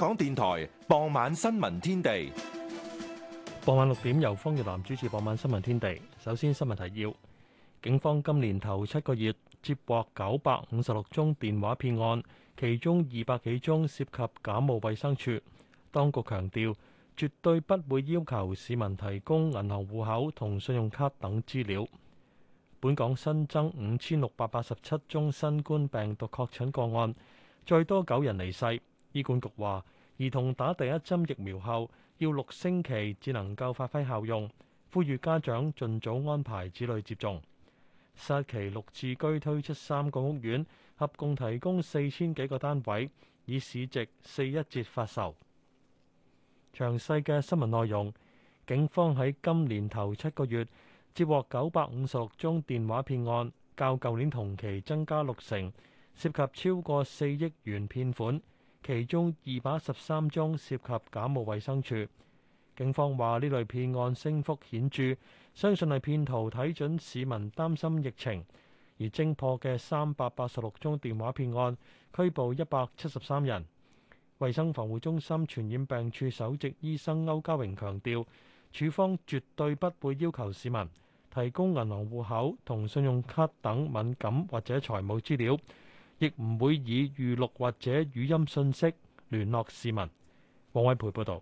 港電台傍晚新聞天地，傍晚六點由方玉蘭主持。傍晚新聞天地，首先新聞提要：警方今年頭七個月接獲九百五十六宗電話騙案，其中二百幾宗涉及假冒衛生署。當局強調，絕對不會要求市民提供銀行戶口同信用卡等資料。本港新增五千六百八十七宗新冠病毒確診個案，再多九人離世。醫管局話，兒童打第一針疫苗後要六星期，至能夠發揮效用，呼籲家長盡早安排子女接種。沙奇六次居推出三個屋苑，合共提供四千幾個單位，以市值四一折發售。詳細嘅新聞內容，警方喺今年頭七個月接獲九百五十六宗電話騙案，較舊年同期增加六成，涉及超過四億元騙款。其中二百十三宗涉及假冒衛生署，警方話呢類騙案升幅顯著，相信係騙徒睇準市民擔心疫情而偵破嘅三百八十六宗電話騙案，拘捕一百七十三人。衛生防護中心傳染病處首席醫生歐家榮強調，處方絕對不會要求市民提供銀行戶口同信用卡等敏感或者財務資料。亦唔會以預錄或者語音信息聯絡市民。黃偉培報道：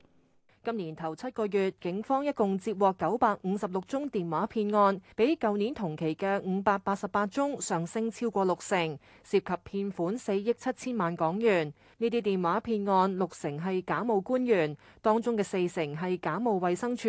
今年頭七個月，警方一共接獲九百五十六宗電話騙案，比舊年同期嘅五百八十八宗上升超過六成，涉及騙款四億七千萬港元。呢啲電話騙案六成係假冒官員，當中嘅四成係假冒衛生署。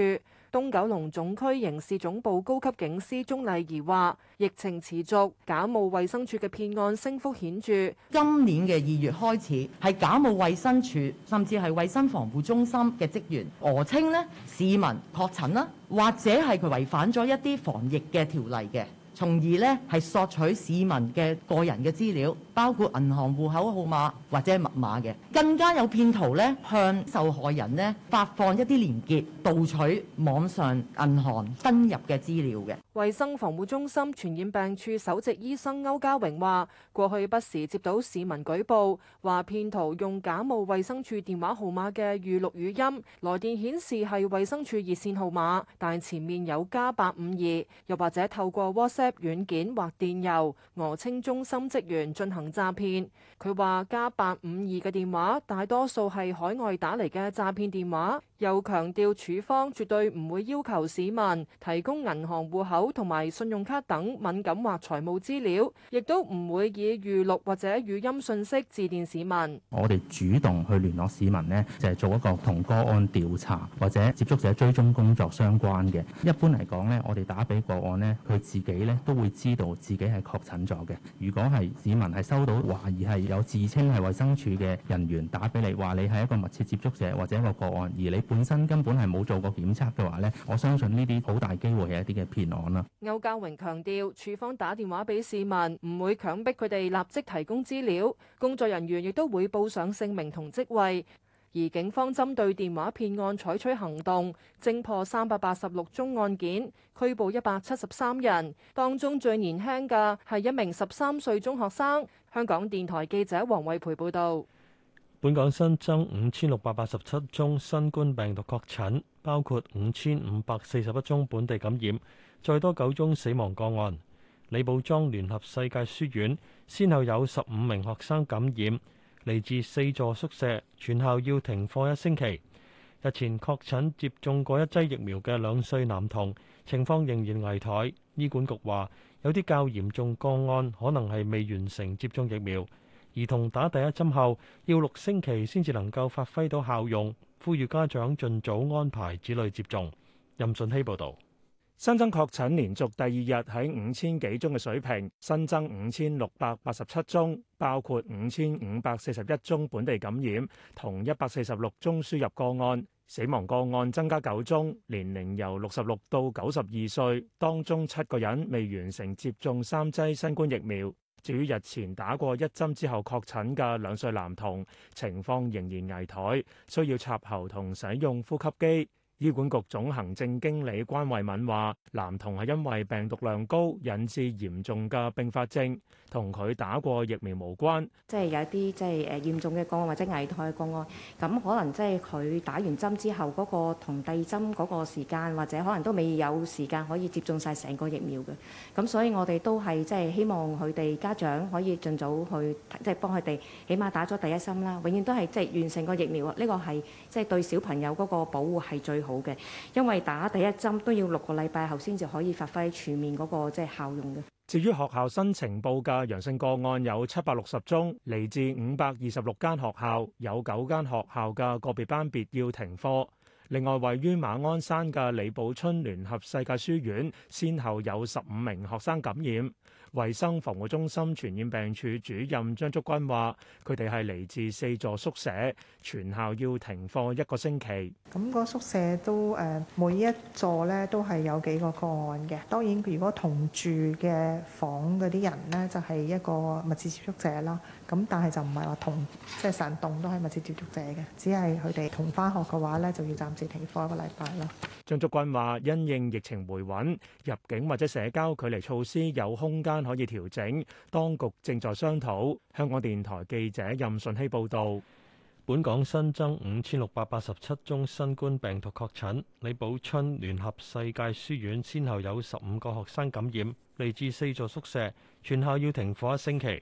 東九龍總區刑事總部高級警司鍾麗儀話，疫情持續，假冒衛生署嘅騙案升幅顯著。今年嘅二月開始，係假冒衛生署甚至係衛生防護中心嘅職員，訛稱呢，市民確診啦，或者係佢違反咗一啲防疫嘅條例嘅，從而呢係索取市民嘅個人嘅資料。包括銀行戶口號碼或者密碼嘅，更加有騙徒呢向受害人呢發放一啲連結，盜取網上銀行登入嘅資料嘅。衞生防護中心傳染病處首席醫生歐家榮話，過去不時接到市民舉報，話騙徒用假冒衞生署電話號碼嘅預錄語音，來電顯示係衞生署熱線號碼，但前面有加八五二，52，又或者透過 WhatsApp 軟件或電郵，訛稱中心職員進行詐騙，佢話加八五二嘅電話大多數係海外打嚟嘅詐騙電話。又強調，署方絕對唔會要求市民提供銀行戶口同埋信用卡等敏感或財務資料，亦都唔會以預錄或者語音信息致電市民。我哋主動去聯絡市民呢，就係做一個同個案調查或者接觸者追蹤工作相關嘅。一般嚟講呢，我哋打俾個案呢，佢自己呢都會知道自己係確診咗嘅。如果係市民係收到懷疑係有自稱係衛生署嘅人員打俾你，話你係一個密切接觸者或者一個個案，而你，本身根本係冇做過檢測嘅話呢，呢我相信呢啲好大機會係一啲嘅騙案啦。歐家榮強調，處方打電話俾市民，唔會強迫佢哋立即提供資料，工作人員亦都會報上姓名同職位。而警方針對電話騙案採取行動，偵破三百八十六宗案件，拘捕一百七十三人，當中最年輕嘅係一名十三歲中學生。香港電台記者黃慧培報道。本港新增五千六百八十七宗新冠病毒確診，包括五千五百四十一宗本地感染，再多九宗死亡個案。李寶莊聯合世界書院先後有十五名學生感染，嚟自四座宿舍，全校要停課一星期。日前確診接種過一劑疫苗嘅兩歲男童，情況仍然危殆。醫管局話有啲較嚴重個案可能係未完成接種疫苗。兒童打第一針後要六星期先至能夠發揮到效用，呼籲家長盡早安排子女接種。任舜希報導，新增確診連續第二日喺五千幾宗嘅水平，新增五千六百八十七宗，包括五千五百四十一宗本地感染，同一百四十六宗輸入個案，死亡個案增加九宗，年齡由六十六到九十二歲，當中七個人未完成接種三劑新冠疫苗。至於日前打過一針之後確診嘅兩歲男童，情況仍然危殆，需要插喉同使用呼吸機。醫管局總行政經理關慧敏話，男童係因為病毒量高，引致嚴重嘅併發症。同佢打過疫苗無關，即係有一啲即係誒嚴重嘅個案或者危殆個案，咁可能即係佢打完針之後嗰個同第二針嗰個時間，或者可能都未有時間可以接種晒成個疫苗嘅。咁所以我哋都係即係希望佢哋家長可以盡早去即係幫佢哋，起碼打咗第一針啦。永遠都係即係完成個疫苗，呢個係即係對小朋友嗰個保護係最好嘅，因為打第一針都要六個禮拜後先就可以發揮全面嗰個即係效用嘅。至於學校新呈報嘅陽性個案有七百六十宗，嚟自五百二十六間學校，有九間學校嘅個別班別要停課。另外，位於馬鞍山嘅李寶椿聯合世界書院，先後有十五名學生感染。衛生防護中心傳染病處主任張竹君話，佢哋係嚟自四座宿舍，全校要停課一個星期。咁個宿舍都誒、呃，每一座咧都係有幾個個案嘅。當然，如果同住嘅房嗰啲人咧，就係、是、一個密切接觸者啦。咁但係就唔係話同即係成棟都係密切接觸者嘅，只係佢哋同翻學嘅話咧，就要暫時停課一個禮拜咯。張竹君話，因應疫情回穩，入境或者社交距離措施有空間可以調整，當局正在商討。香港電台記者任順希報導。本港新增五千六百八十七宗新冠病毒確診，李寶椿聯合世界書院先後有十五個學生感染，嚟自四座宿舍，全校要停課一星期。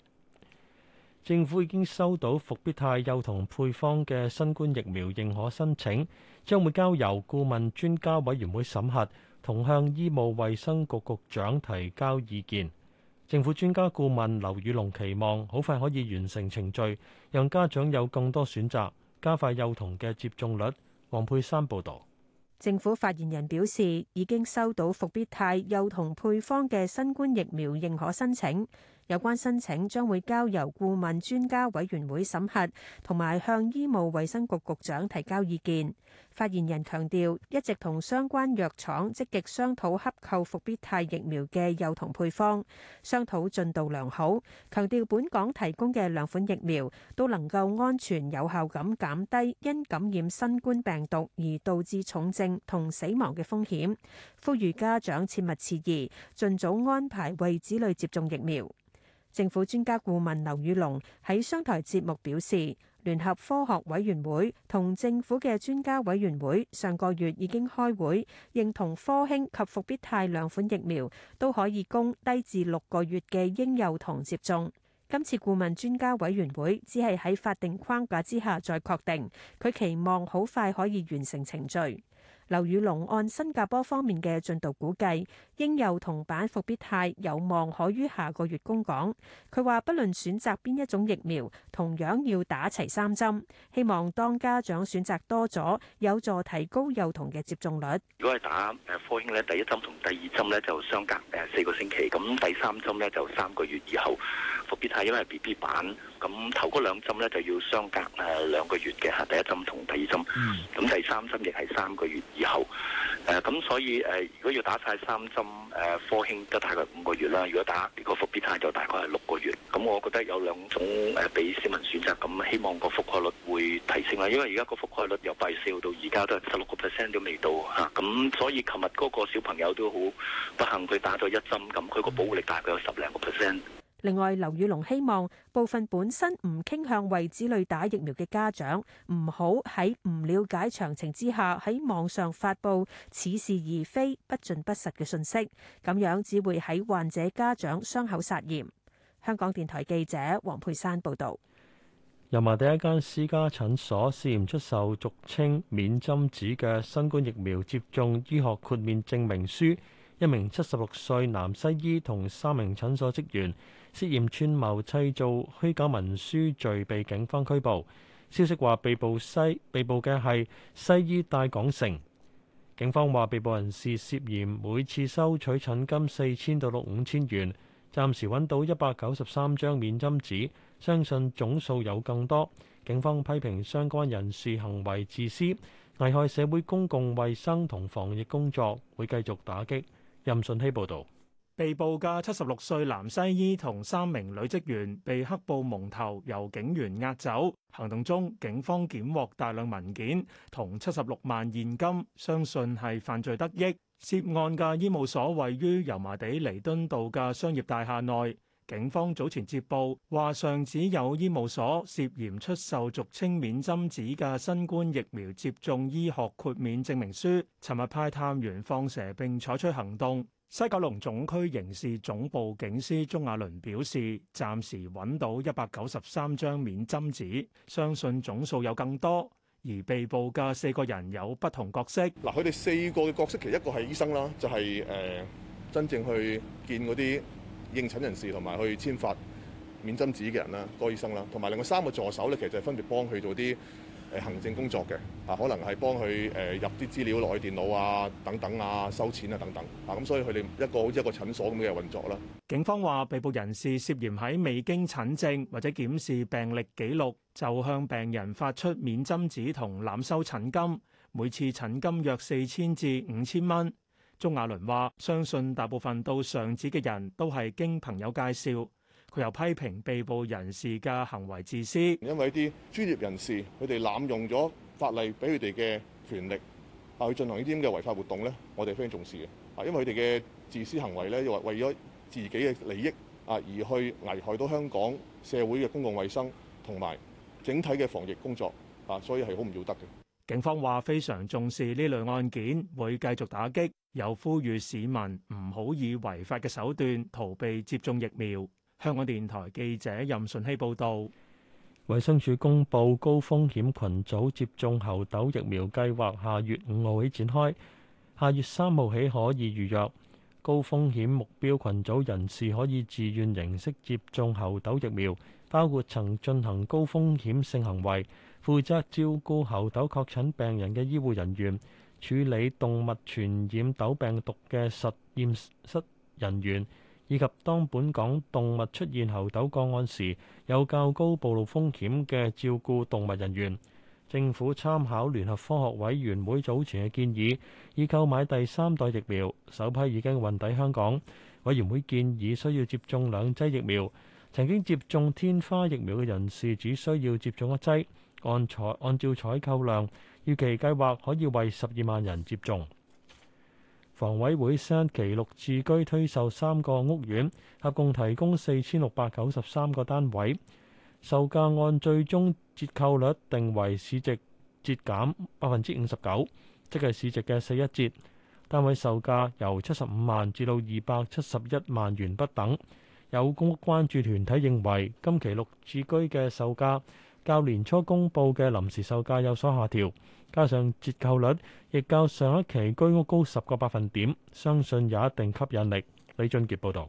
政府已經收到復必泰幼童配方嘅新冠疫苗認可申請，將會交由顧問專家委員會審核，同向醫務衛生局局長提交意見。政府專家顧問劉宇龍期望好快可以完成程序，讓家長有更多選擇，加快幼童嘅接種率。王佩珊報導。政府發言人表示，已經收到復必泰幼童配方嘅新冠疫苗認可申請。有關申請將會交由顧問專家委員會審核，同埋向醫務衛生局局長提交意見。發言人強調，一直同相關藥廠積極商討洽購復必泰疫苗嘅幼童配方，商討進度良好。強調本港提供嘅兩款疫苗都能夠安全有效咁減低因感染新冠病毒而導致重症同死亡嘅風險，呼籲家長切勿遲疑，盡早安排為子女接種疫苗。政府專家顧問劉宇龍喺商台節目表示，聯合科學委員會同政府嘅專家委員會上個月已經開會，認同科興及復必泰兩款疫苗都可以供低至六個月嘅嬰幼童接種。今次顧問專家委員會只係喺法定框架之下再確定，佢期望好快可以完成程序。劉宇龍按新加坡方面嘅進度估計。嬰幼童版伏必泰有望可於下個月供港。佢話，不論選擇邊一種疫苗，同樣要打齊三針。希望當家長選擇多咗，有助提高幼童嘅接種率。如果係打誒科興咧，第一針同第二針咧就相隔誒四個星期。咁第三針咧就三個月以後。伏必泰因為係 BB 版，咁頭嗰兩針咧就要相隔誒兩個月嘅嚇，第一針同第二針。咁第三針亦係三個月以後。誒咁所以誒，如果要打晒三針。咁科興得大概五個月啦，如果打呢個復必泰就大概係六個月。咁我覺得有兩種誒俾市民選擇，咁希望個覆蓋率會提升啦。因為而家個覆蓋率由八十四到而家都係十六個 percent 都未到嚇。咁所以琴日嗰個小朋友都好不幸，佢打咗一針，咁佢個保護力大概有十零個 percent。另外，劉宇龍希望部分本身唔傾向為子女打疫苗嘅家長，唔好喺唔了解詳情之下喺網上發布似是而非、不盡不實嘅信息，咁樣只會喺患者家長傷口撒鹽。香港電台記者黃佩珊報道，油麻地一間私家診所試驗出售俗稱免針紙嘅新冠疫苗接種醫學豁免證明書。一名七十六歲男西醫同三名診所職員涉嫌串謀砌造虛假文書罪，被警方拘捕。消息話被捕西被捕嘅係西醫戴港城。警方話被捕人士涉嫌每次收取診金四千到六五千元，暫時揾到一百九十三張免針紙，相信總數有更多。警方批評相關人士行為自私，危害社會公共衛生同防疫工作，會繼續打擊。任信希報道，被捕嘅七十六歲男西醫同三名女職員被黑布蒙頭，由警員押走。行動中，警方檢獲大量文件同七十六萬現金，相信係犯罪得益。涉案嘅醫務所位於油麻地彌敦道嘅商業大廈內。警方早前接報，話上址有醫務所涉嫌出售俗稱免針紙嘅新冠疫苗接種醫學豁免證明書。尋日派探員放蛇，並採取行動。西九龍總區刑事總部警司鍾亞倫表示，暫時揾到一百九十三張免針紙，相信總數有更多。而被捕嘅四個人有不同角色。嗱，佢哋四個嘅角色，其實一個係醫生啦，就係、是、誒、呃，真正去見嗰啲應診人士同埋去簽發免針紙嘅人啦，郭醫生啦，同埋另外三個助手咧，其實就係分別幫佢做啲誒行政工作嘅，啊，可能係幫佢誒入啲資料落去電腦啊，等等啊，收錢啊，等等，啊，咁所以佢哋一個好似一個診所咁嘅運作啦。警方話，被捕人士涉嫌喺未經診症或者檢視病歷記錄，就向病人發出免針紙同濫收診金，每次診金約四千至五千蚊。鍾雅倫話：相信大部分到上址嘅人都係經朋友介紹。佢又批評被捕人士嘅行為自私，因為啲專業人士佢哋濫用咗法例俾佢哋嘅權力啊，去進行呢啲咁嘅違法活動咧，我哋非常重視嘅啊，因為佢哋嘅自私行為咧，又為咗自己嘅利益啊，而去危害到香港社會嘅公共衛生同埋整體嘅防疫工作啊，所以係好唔要得嘅。警方話非常重視呢類案件，會繼續打擊。有呼籲市民唔好以違法嘅手段逃避接種疫苗。香港電台記者任順希報導，衞生署公布高風險群組接種猴痘疫苗計劃，下月五號起展開，下月三號起可以預約。高風險目標群組人士可以自願形式接種猴痘疫苗，包括曾進行高風險性行為、負責照顧猴痘確診病人嘅醫護人員。處理動物傳染痘病毒嘅實驗室人員，以及當本港動物出現猴痘個案時，有較高暴露風險嘅照顧動物人員，政府參考聯合科學委員會早前嘅建議，已購買第三代疫苗，首批已經運抵香港。委員會建議需要接種兩劑疫苗，曾經接種天花疫苗嘅人士只需要接種一劑。按採按照採購量。預期計劃可以為十二萬人接種。房委會上期綠置居推售三個屋苑，合共提供四千六百九十三個單位，售價按最終折扣率定為市值折減百分之五十九，即係市值嘅四一折。單位售價由七十五萬至到二百七十一萬元不等。有公屋關注團體認為，今期綠置居嘅售價較年初公佈嘅臨時售價有所下調。加上折扣率亦較上一期居屋高十個百分點，相信有一定吸引力。李俊杰報道。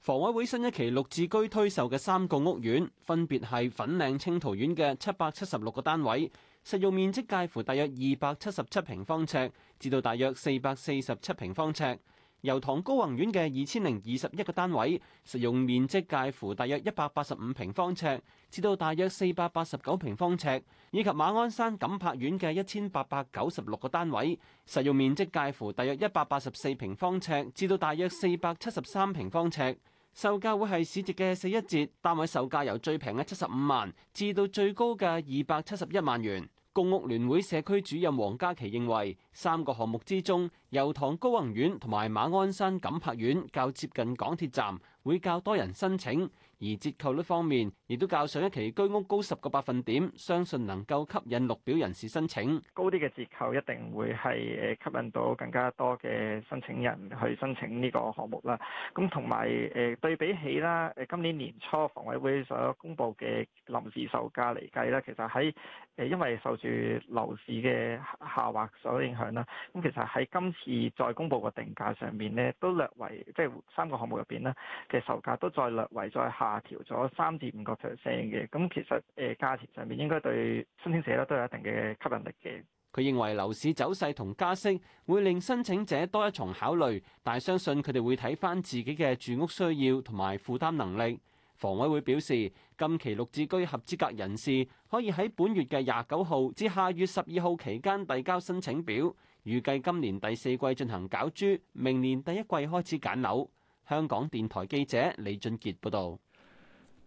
房委會新一期綠置居推售嘅三個屋苑，分別係粉嶺清濤苑嘅七百七十六個單位，實用面積介乎大約二百七十七平方尺至到大約四百四十七平方尺。由唐高宏苑嘅二千零二十一個單位，實用面積介乎大約一百八十五平方尺，至到大約四百八十九平方尺，以及馬鞍山錦柏苑嘅一千八百九十六個單位，實用面積介乎大約一百八十四平方尺，至到大約四百七十三平方尺，售價會係市值嘅四一折，單位售價由最平嘅七十五萬，至到最高嘅二百七十一萬元。公屋聯會社區主任王家琪認為，三個項目之中，油塘高宏苑同埋馬鞍山錦柏苑較接近港鐵站，會較多人申請。而折扣率方面，亦都較上一期居屋高十個百分點，相信能夠吸引綠表人士申請。高啲嘅折扣一定會係誒吸引到更加多嘅申請人去申請呢個項目啦。咁同埋誒對比起啦，誒今年年初房委會所公布嘅臨時售價嚟計啦，其實喺誒因為受住樓市嘅下下滑所影響啦，咁其實喺今次再公布個定價上面咧，都略為即係三個項目入邊啦嘅售價都再略為再下，下調咗三至五個 percent 嘅，咁其實誒，價錢上面應該對申請者咧都有一定嘅吸引力嘅。佢認為樓市走勢同加息會令申請者多一重考慮，但係相信佢哋會睇翻自己嘅住屋需要同埋負擔能力。房委會表示，近期綠置居合資格人士可以喺本月嘅廿九號至下月十二號期間遞交申請表，預計今年第四季進行攪珠，明年第一季開始揀樓。香港電台記者李俊杰報道。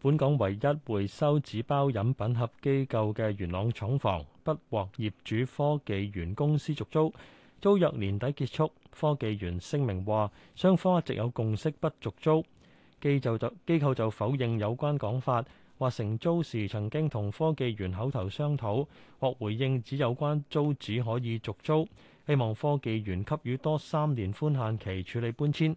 本港唯一回收紙包飲品盒機構嘅元朗廠房，不獲業主科技園公司續租，租約年底結束。科技園聲明話，雙方一直有共識不續租。機就就機構就否認有關講法，話承租時曾經同科技園口頭商討，獲回應指有關租址可以續租，希望科技園給予多三年寬限期處理搬遷。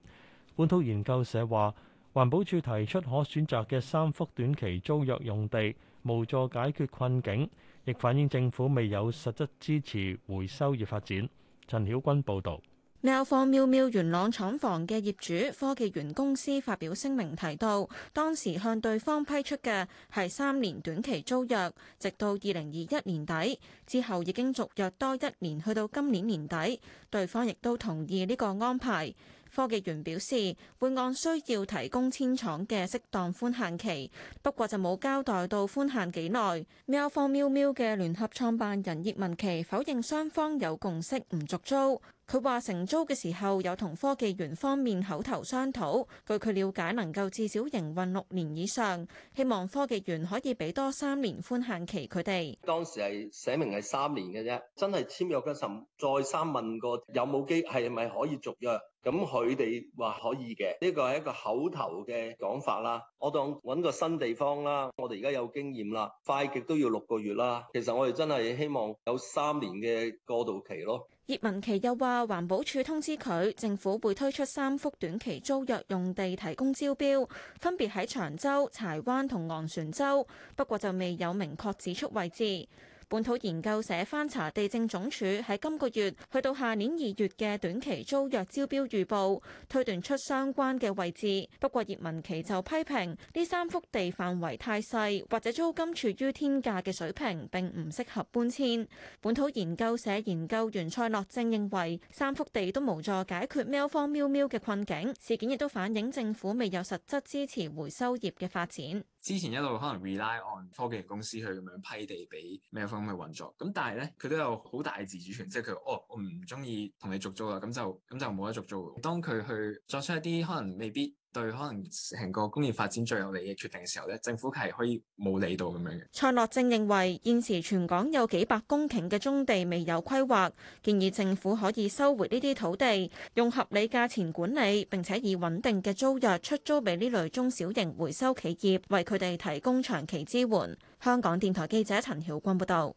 本土研究社話。環保署提出可選擇嘅三幅短期租約用地，無助解決困境，亦反映政府未有實質支持回收業發展。陳曉君報導。妙方妙妙元朗廠房嘅業主科技園公司發表聲明提到，當時向對方批出嘅係三年短期租約，直到二零二一年底，之後已經續約多一年，去到今年年底，對方亦都同意呢個安排。科技園表示，會按需要提供遷廠嘅適當寬限期，不過就冇交代到寬限幾耐。喵方喵喵嘅聯合創辦人葉文琪否認雙方有共識唔續租。佢話：承租嘅時候有同科技園方面口頭商討，據佢了解能夠至少營運六年以上，希望科技園可以俾多三年寬限期。佢哋當時係寫明係三年嘅啫，真係簽約嘅時候再三問過有冇機，係咪可以續約？咁佢哋話可以嘅，呢個係一個口頭嘅講法啦。我當揾個新地方啦，我哋而家有經驗啦，快極都要六個月啦。其實我哋真係希望有三年嘅過渡期咯。葉文琪又話，環保署通知佢，政府會推出三幅短期租約用地提供招標，分別喺長洲、柴灣同昂船洲，不過就未有明確指出位置。本土研究社翻查地政總署喺今個月去到下年二月嘅短期租約招標預報，推斷出相關嘅位置。不過，葉文琪就批評呢三幅地範圍太細，或者租金處於天價嘅水平，並唔適合搬遷。本土研究社研究員蔡樂正認為，三幅地都無助解決喵方喵喵嘅困境。事件亦都反映政府未有實質支持回收業嘅發展。之前一路可能 rely on 科技型公司去咁樣批地俾咩方去運作，咁但係咧，佢都有好大自主權，即係佢哦我唔中意同你續租啦，咁就咁就冇得續租。當佢去作出一啲可能未必。對可能成個工業發展最有利嘅決定嘅時候咧，政府係可以冇理到咁樣嘅。蔡樂正認為現時全港有幾百公頃嘅棕地未有規劃，建議政府可以收回呢啲土地，用合理價錢管理，並且以穩定嘅租約出租俾呢類中小型回收企業，為佢哋提供長期支援。香港電台記者陳曉君報導。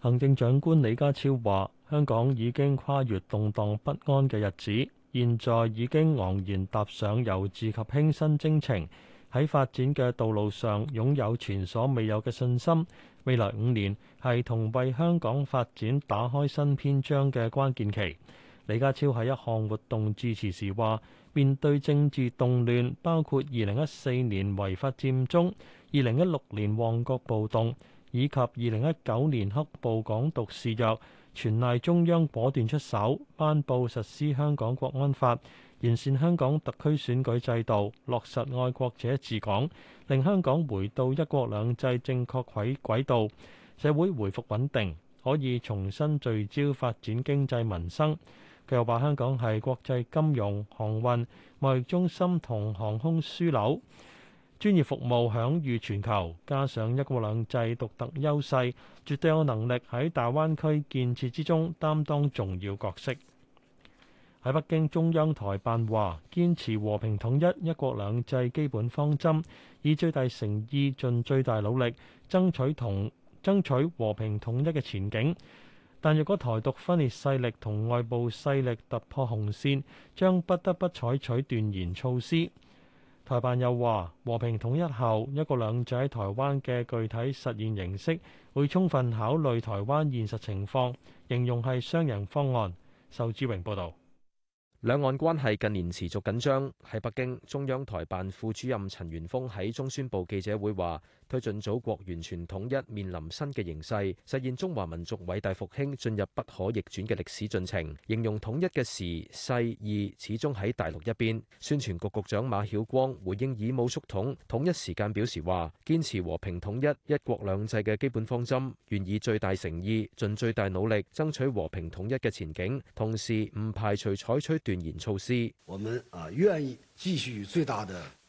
行政長官李家超話：香港已經跨越動盪不安嘅日子。現在已經昂然踏上由治及興新征程，喺發展嘅道路上擁有前所未有嘅信心。未來五年係同為香港發展打開新篇章嘅關鍵期。李家超喺一項活動致辭時話：面對政治動亂，包括二零一四年違法佔中、二零一六年旺角暴動以及二零一九年黑暴港獨示弱。」全賴中央果斷出手，頒布實施香港國安法，完善香港特區選舉制度，落實愛國者治港，令香港回到一國兩制正確軌軌道，社會回復穩定，可以重新聚焦發展經濟民生。佢又話：香港係國際金融、航運、貿易中心同航空樞紐。專業服務享譽全球，加上一國兩制獨特優勢，絕對有能力喺大灣區建設之中擔當重要角色。喺北京中央台辦話，堅持和平統一、一國兩制基本方針，以最大誠意、盡最大努力，爭取同爭取和平統一嘅前景。但若果台獨分裂勢力同外部勢力突破紅線，將不得不採取斷然措施。台辦又話，和平統一後一國兩制喺台灣嘅具體實現形式，會充分考慮台灣現實情況，形容係雙贏方案。仇志榮報導。兩岸關係近年持續緊張，喺北京，中央台辦副主任陳元峰喺中宣部記者會話。推進祖國完全統一面臨新嘅形勢，實現中華民族偉大復興進入不可逆轉嘅歷史進程。形容統一嘅時勢，二始終喺大陸一邊。宣傳局局長馬曉光回應以武促統統一時間表示話，堅持和平統一、一國兩制嘅基本方針，願以最大誠意、盡最大努力爭取和平統一嘅前景，同時唔排除採取斷然措施。我們啊，願意繼續最大的。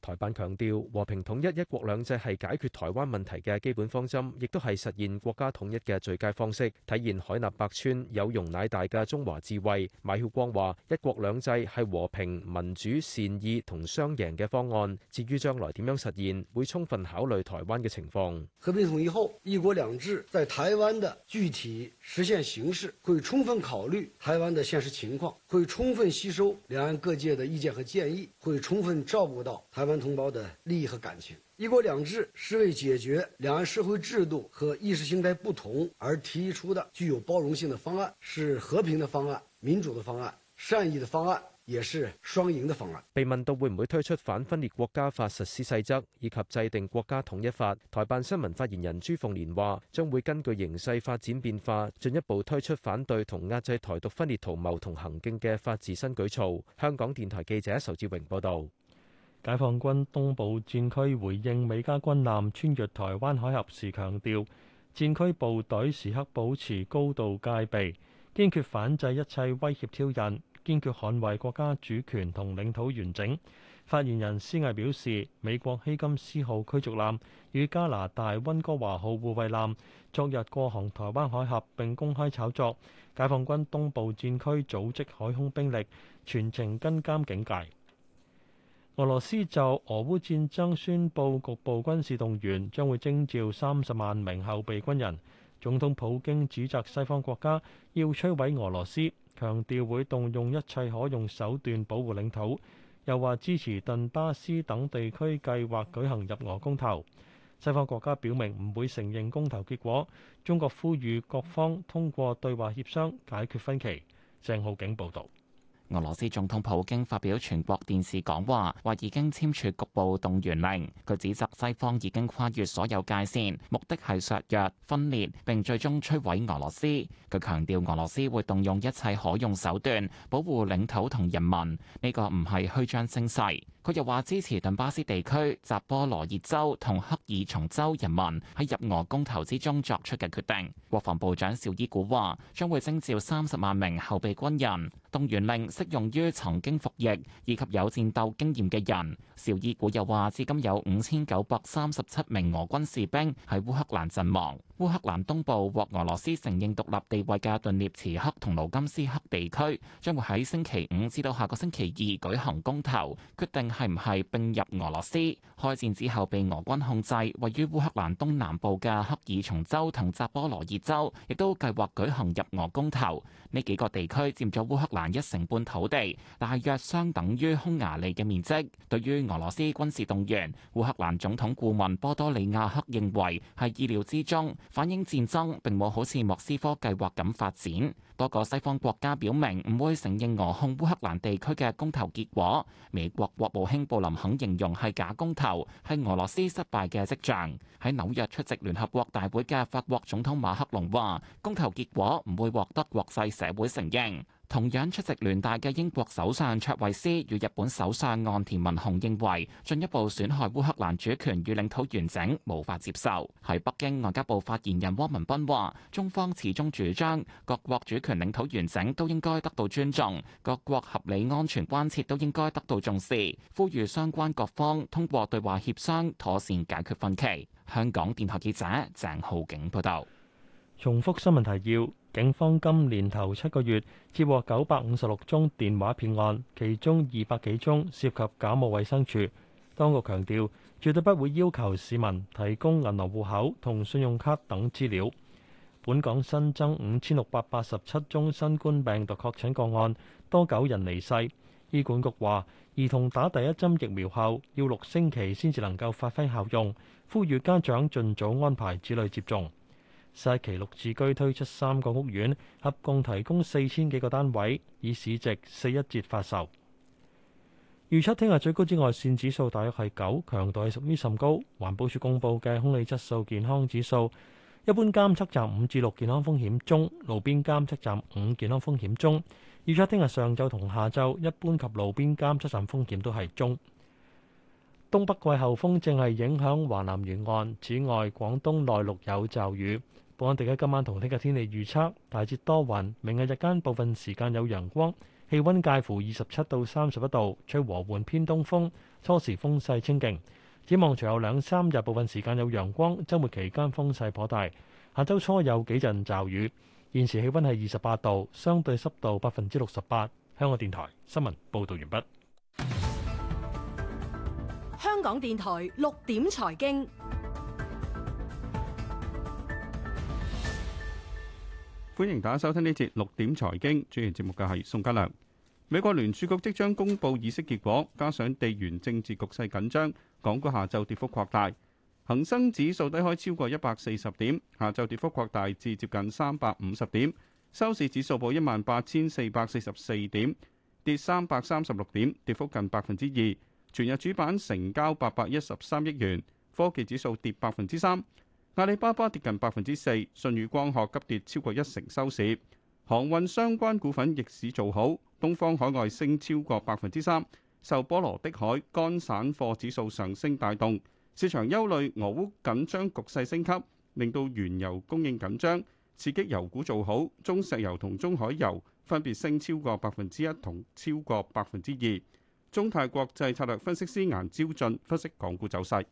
台辦強調和平統一、一國兩制係解決台灣問題嘅基本方針，亦都係實現國家統一嘅最佳方式，體現海納百川、有容乃大嘅中華智慧。馬曉光話：一國兩制係和平、民主、善意同雙贏嘅方案。至於將來點樣實現，會充分考慮台灣嘅情況。和平統一後，一國兩制在台灣的具體實現形式，會充分考慮台灣的現實情況，會充分吸收兩岸各界嘅意見和建議，會充分照顧到台灣台灣同胞的利益和感情，一國兩制是為解決兩岸社會制度和意識形態不同而提出的具有包容性的方案，是和平的方案、民主的方案、善意的方案，也是雙贏的方案。被問到會唔會推出反分裂國家法實施細則以及制定國家統一法，台辦新聞發言人朱鳳蓮話：將會根據形勢發展變化，進一步推出反對同壓制台獨分裂圖謀同行徑嘅法治新舉措。香港電台記者仇志榮報道。解放軍東部戰區回應美加軍艦穿越台灣海峽時，強調戰區部隊時刻保持高度戒備，堅決反制一切威脅挑釁，堅決捍衛國家主權同領土完整。發言人施毅表示，美國希金斯號驅逐艦與加拿大溫哥華號護衛艦昨日過航台灣海峽並公開炒作，解放軍東部戰區組織海空兵力全程跟監警戒。俄羅斯就俄烏戰爭宣布局部軍事動員，將會徵召三十萬名後備軍人。總統普京指責西方國家要摧毀俄羅斯，強調會動用一切可用手段保護領土，又話支持頓巴斯等地區計劃舉行入俄公投。西方國家表明唔會承認公投結果。中國呼籲各方通過對話協商解決分歧。鄭浩景報導。俄羅斯總統普京發表全國電視講話，話已經簽署局部動員令。佢指責西方已經跨越所有界線，目的係削弱、分裂，並最終摧毀俄羅斯。佢強調俄羅斯會動用一切可用手段保護領土同人民，呢個唔係虛張聲勢。佢又話支持頓巴斯地區、扎波羅熱州同克爾松州人民喺入俄公投之中作出嘅決定。國防部長紹伊古話將會徵召三十萬名後備軍人。動員令適用於曾經服役以及有戰鬥經驗嘅人。邵爾古又話：至今有五千九百三十七名俄軍士兵喺烏克蘭陣亡。烏克蘭東部獲俄羅斯承認獨立地位嘅頓涅茨克同盧甘斯克地區，將會喺星期五至到下個星期二舉行公投，決定係唔係並入俄羅斯。開戰之後被俄軍控制，位於烏克蘭東南部嘅赫爾松州同扎波羅熱州，亦都計劃舉行入俄公投。呢幾個地區佔咗烏克蘭一成半土地，大約相等於匈牙利嘅面積。對於俄羅斯軍事動員，烏克蘭總統顧問波多利亞克認為，係意料之中，反映戰爭並冇好似莫斯科計劃咁發展。多個西方國家表明唔會承認俄控烏克蘭地區嘅公投結果。美國國務卿布林肯形容係假公投，係俄羅斯失敗嘅跡象。喺紐約出席聯合國大會嘅法國總統馬克龍話：公投結果唔會獲得國際社會承認。同樣出席聯大嘅英國首相卓慧斯與日本首相岸田文雄認為，進一步損害烏克蘭主權與領土完整，無法接受。喺北京外交部發言人汪文斌話：中方始終主張，各國主權領土完整都應該得到尊重，各國合理安全關切都應該得到重視，呼籲相關各方通過對話協商，妥善解決分歧。香港電台記者鄭浩景報道。重複新聞提要：警方今年頭七個月接獲九百五十六宗電話騙案，其中二百幾宗涉及假冒衛生署。當局強調絕對不會要求市民提供銀行戶口同信用卡等資料。本港新增五千六百八十七宗新冠病毒確診個案，多九人離世。醫管局話：兒童打第一針疫苗後要六星期先至能夠發揮效用，呼籲家長盡早安排子女接種。西期六字居推出三個屋苑，合共提供四千幾個單位，以市值四一折發售。預測聽日最高紫外線指數大約係九，強度係屬於甚高。環保署公布嘅空氣質素健康指數，一般監測站五至六健康風險中，路邊監測站五健康風險中。預測聽日上晝同下晝一般及路邊監測站風險都係中。東北季候風正係影響華南沿岸，此外廣東內陸有驟雨。本港地區今晚同聽日天氣預測，大致多雲。明日日間部分時間有陽光，氣溫介乎二十七到三十一度，吹和緩偏東風，初時風勢清勁。展望隨後兩三日部分時間有陽光，周末期間風勢頗大，下周初有幾陣驟雨。現時氣溫係二十八度，相對濕度百分之六十八。香港電台新聞報道完畢。香港電台六點財經。歡迎大家收聽呢節六點財經，主持節目嘅係宋家良。美國聯儲局即將公布議息結果，加上地緣政治局勢緊張，港股下晝跌幅擴大。恒生指數低開超過一百四十點，下晝跌幅擴大至接近三百五十點，收市指數報一萬八千四百四十四點，跌三百三十六點，跌幅近百分之二。全日主板成交八百一十三億元，科技指數跌百分之三。阿里巴巴跌近百分之四，舜宇光學急跌超過一成收市。航運相關股份逆市做好，東方海外升超過百分之三，受波羅的海乾散貨指數上升帶動。市場憂慮俄烏緊張局勢升級，令到原油供應緊張，刺激油股做好。中石油同中海油分別升超過百分之一同超過百分之二。中泰國際策略分析師顏招駿分析港股走勢。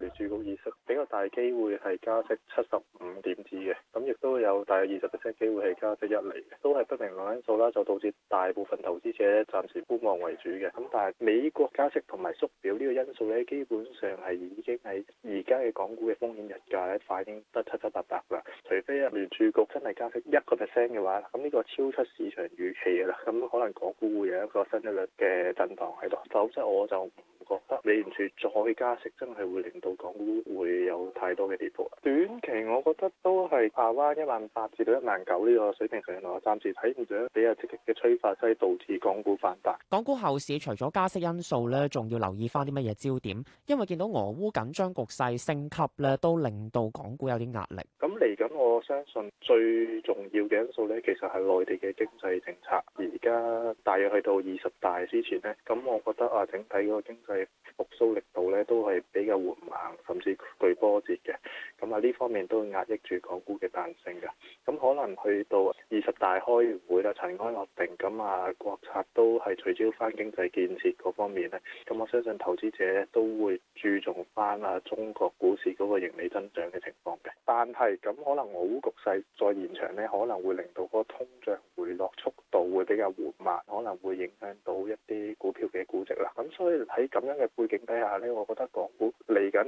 聯儲局議息比較大機會係加息七十五點子嘅，咁亦都有大約二十 percent 機會係加息一厘嘅。都係不明朗因素啦，就導致大部分投資者咧暫時觀望為主嘅。咁但係美國加息同埋縮表呢個因素咧，基本上係已經喺而家嘅港股嘅風險溢價咧反映得七七八八啦。除非聯儲局真係加息一個 percent 嘅話，咁呢個超出市場預期嘅啦，咁可能港股會有一個新一輪嘅震盪喺度，否則我就唔覺得美聯儲再加息真係會令到。港股會有太多嘅跌幅。短期我覺得都係亞灣一萬八至到一萬九呢個水平上落，暫時睇唔到比較積極嘅催化劑導致港股反彈。港股後市除咗加息因素咧，仲要留意翻啲乜嘢焦點？因為見到俄烏緊張局勢升級咧，都令到港股有啲壓力。咁嚟緊，我相信最重要嘅因素咧，其實係內地嘅經濟政策。而家大約去到二十大之前呢，咁我覺得啊，整體嗰個經濟復甦力度咧，都係比較緩慢。甚至巨波折嘅。咁啊呢方面都會壓抑住港股嘅彈性嘅。咁可能去到二十大開完會啦，塵埃落定，咁啊國策都係聚焦翻經濟建設嗰方面咧。咁我相信投資者都會注重翻啊中國股市嗰個盈利增長嘅情況嘅。但係咁可能俄烏局勢再延長咧，可能會令到嗰個通脹回落速度會比較緩慢，可能會影響到一啲股票嘅估值啦。咁所以喺咁樣嘅背景底下咧，我覺得港股嚟緊，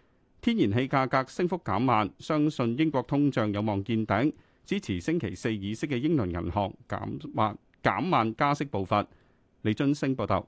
天然氣價格升幅減慢，相信英國通脹有望見頂，支持星期四議息嘅英倫銀行減慢，減慢加息步伐。李津升報道。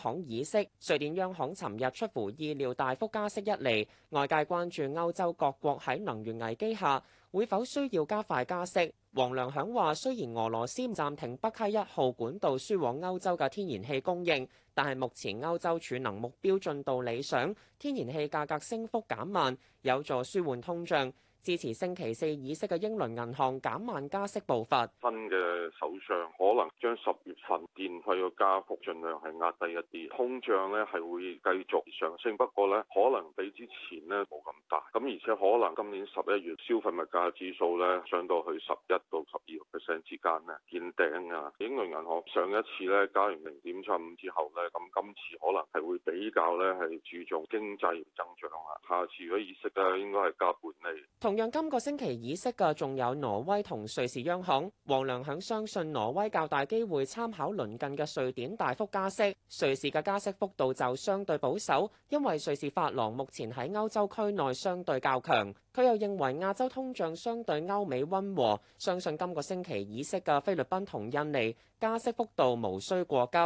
行意識，瑞典央行尋日出乎意料大幅加息一釐，外界關注歐洲各國喺能源危機下會否需要加快加息。黃良響話，雖然俄羅斯暫停北溪一號管道輸往歐洲嘅天然氣供應，但係目前歐洲儲能目標進度理想，天然氣價格升幅減慢，有助舒緩通脹。支持星期四議息嘅英倫銀行減慢加息步伐。新嘅首相可能將十月份電費嘅加幅盡量係壓低一啲。通脹咧係會繼續上升，不過咧可能比之前咧冇咁大。咁而且可能今年十一月消費物價指數咧上到去十一到十二個 percent 之間咧見頂啊！英倫銀行上一次咧加完零點七五之後咧，咁今次可能係會比較咧係注重經濟增長啊。下次如果議息咧應該係加半厘。同樣今個星期議息嘅，仲有挪威同瑞士央行。黃良響相信，挪威較大機會參考鄰近嘅瑞典大幅加息。瑞士嘅加息幅度就相對保守，因為瑞士法郎目前喺歐洲區內相對較強。佢又認為亞洲通脹相對歐美温和，相信今個星期議息嘅菲律賓同印尼加息幅度無需過急。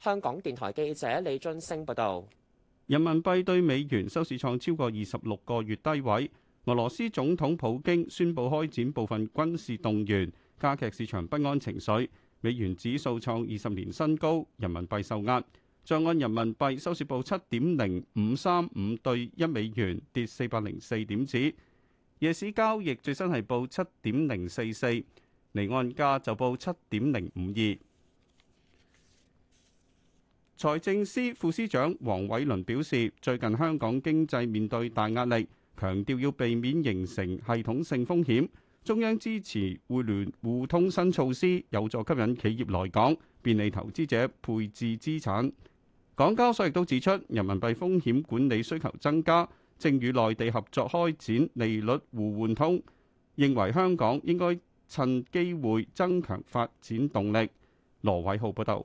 香港電台記者李津升報道，人民幣對美元收市創超過二十六個月低位。俄羅斯總統普京宣布開展部分軍事動員，加劇市場不安情緒。美元指數創二十年新高，人民幣受壓。在岸人民幣收市報七點零五三五對一美元，跌四百零四點子。夜市交易最新係報七點零四四，離岸價就報七點零五二。財政司副司長黃偉綸表示，最近香港經濟面對大壓力。強調要避免形成系統性風險，中央支持互聯互通新措施，有助吸引企業來港，便利投資者配置資產。港交所亦都指出，人民幣風險管理需求增加，正與內地合作開展利率互換通，認為香港應該趁機會增強發展動力。羅偉浩報道。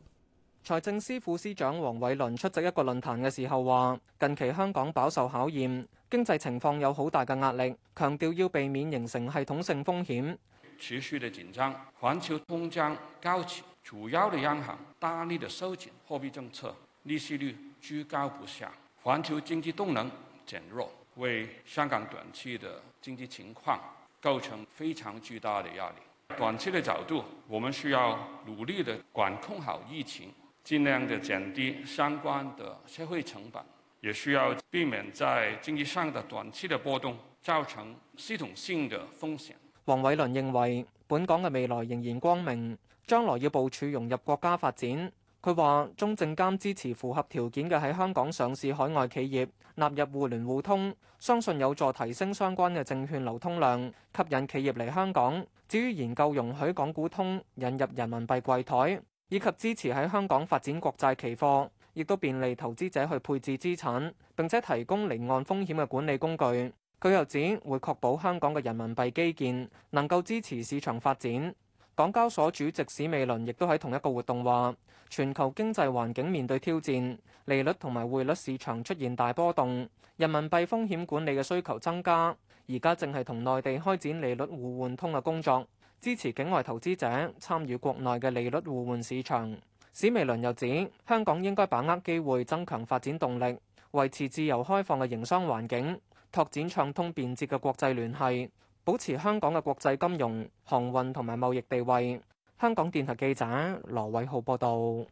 財政司副司長黃偉綸出席一個論壇嘅時候話，近期香港飽受考驗，經濟情況有好大嘅壓力，強調要避免形成系統性風險。持續嘅緊張，環球通脹高企，主要嘅央行大力的收緊貨幣政策，利息率居高不下，環球經濟動能減弱，為香港短期的經濟情況構成非常巨大的壓力。短期的角度，我們需要努力的管控好疫情。盡量嘅減低相關的社會成本，也需要避免在經濟上的短期的波動，造成系統性嘅風險。黃偉綸認為，本港嘅未來仍然光明，將來要部署融入國家發展。佢話：中證監支持符合條件嘅喺香港上市海外企業納入互聯互通，相信有助提升相關嘅證券流通量，吸引企業嚟香港。至於研究容許港股通引入人民幣櫃台，以及支持喺香港發展國債期貨，亦都便利投資者去配置資產，並且提供離岸風險嘅管理工具。佢又指會確保香港嘅人民幣基建能夠支持市場發展。港交所主席史美倫亦都喺同一個活動話：全球經濟環境面對挑戰，利率同埋匯率市場出現大波動，人民幣風險管理嘅需求增加。而家正係同內地開展利率互換通嘅工作。支持境外投資者參與國內嘅利率互換市場。史美倫又指，香港應該把握機會增強發展動力，維持自由開放嘅營商環境，拓展暢通便捷嘅國際聯繫，保持香港嘅國際金融、航運同埋貿易地位。香港電台記者羅偉浩報道。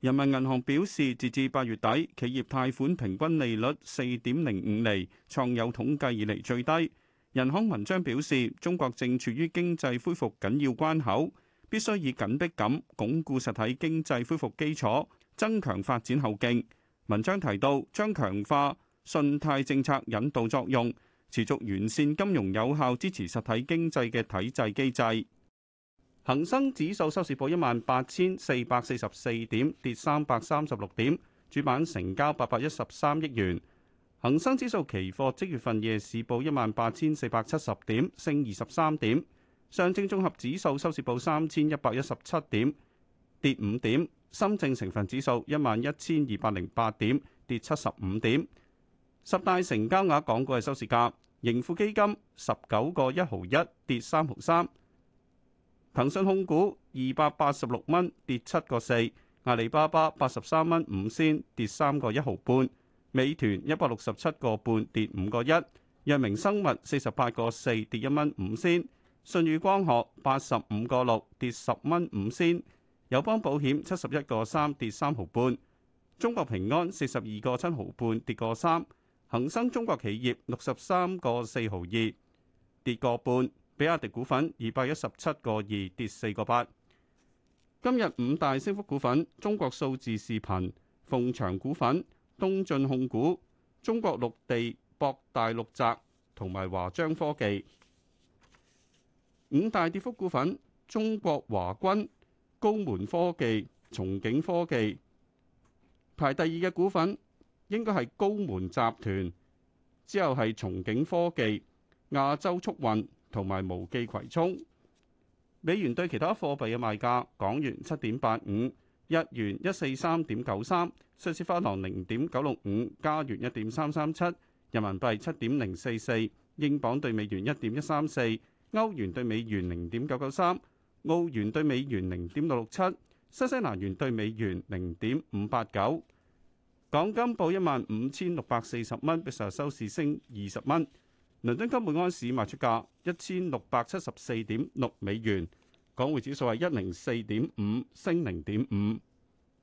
人民銀行表示，截至八月底，企業貸款平均利率四點零五厘，創有統計以嚟最低。人行文章表示，中國正處於經濟恢復緊要關口，必須以緊迫感鞏固實體經濟恢復基礎，增強發展後勁。文章提到，將強化信貸政策引導作用，持續完善金融有效支持實體經濟嘅體制機制。恒生指數收市報一萬八千四百四十四點，跌三百三十六點，主板成交八百一十三億元。恒生指數期貨即月份夜市報一萬八千四百七十點，升二十三點。上證綜合指數收市報三千一百一十七點，跌五點。深證成分指數一萬一千二百零八點，跌七十五點。十大成交額港股嘅收市價：盈富基金十九個一毫一，跌三毫三；騰訊控股二百八十六蚊，跌七個四；阿里巴巴八十三蚊五仙，跌三個一毫半。美團一百六十七個半跌五個一，藥明生物四十八個四跌一蚊五仙，舜宇光學八十五個六跌十蚊五仙，友邦保險七十一個三跌三毫半，中國平安四十二個七毫半跌個三，恒生中國企業六十三個四毫二跌個半，比亞迪股份二百一十七個二跌四個八。今日五大升幅股份：中國數字視頻、鳳祥股份。東進控股、中國陸地、博大陸澤同埋華章科技。五大跌幅股份，中國華軍、高門科技、松景科技。排第二嘅股份應該係高門集團，之後係松景科技、亞洲速運同埋無記葵涌。美元對其他貨幣嘅賣價，港元七點八五。日元一四三點九三，瑞士法郎零點九六五，加元一點三三七，人民幣七點零四四，英鎊對美元一點一三四，歐元對美元零點九九三，澳元對美元零點六六七，新西蘭元對美元零點五八九。港金報一萬五千六百四十蚊，比上日收市升二十蚊。倫敦金每安士賣出價一千六百七十四點六美元。港匯指數係一零四點五，升零點五。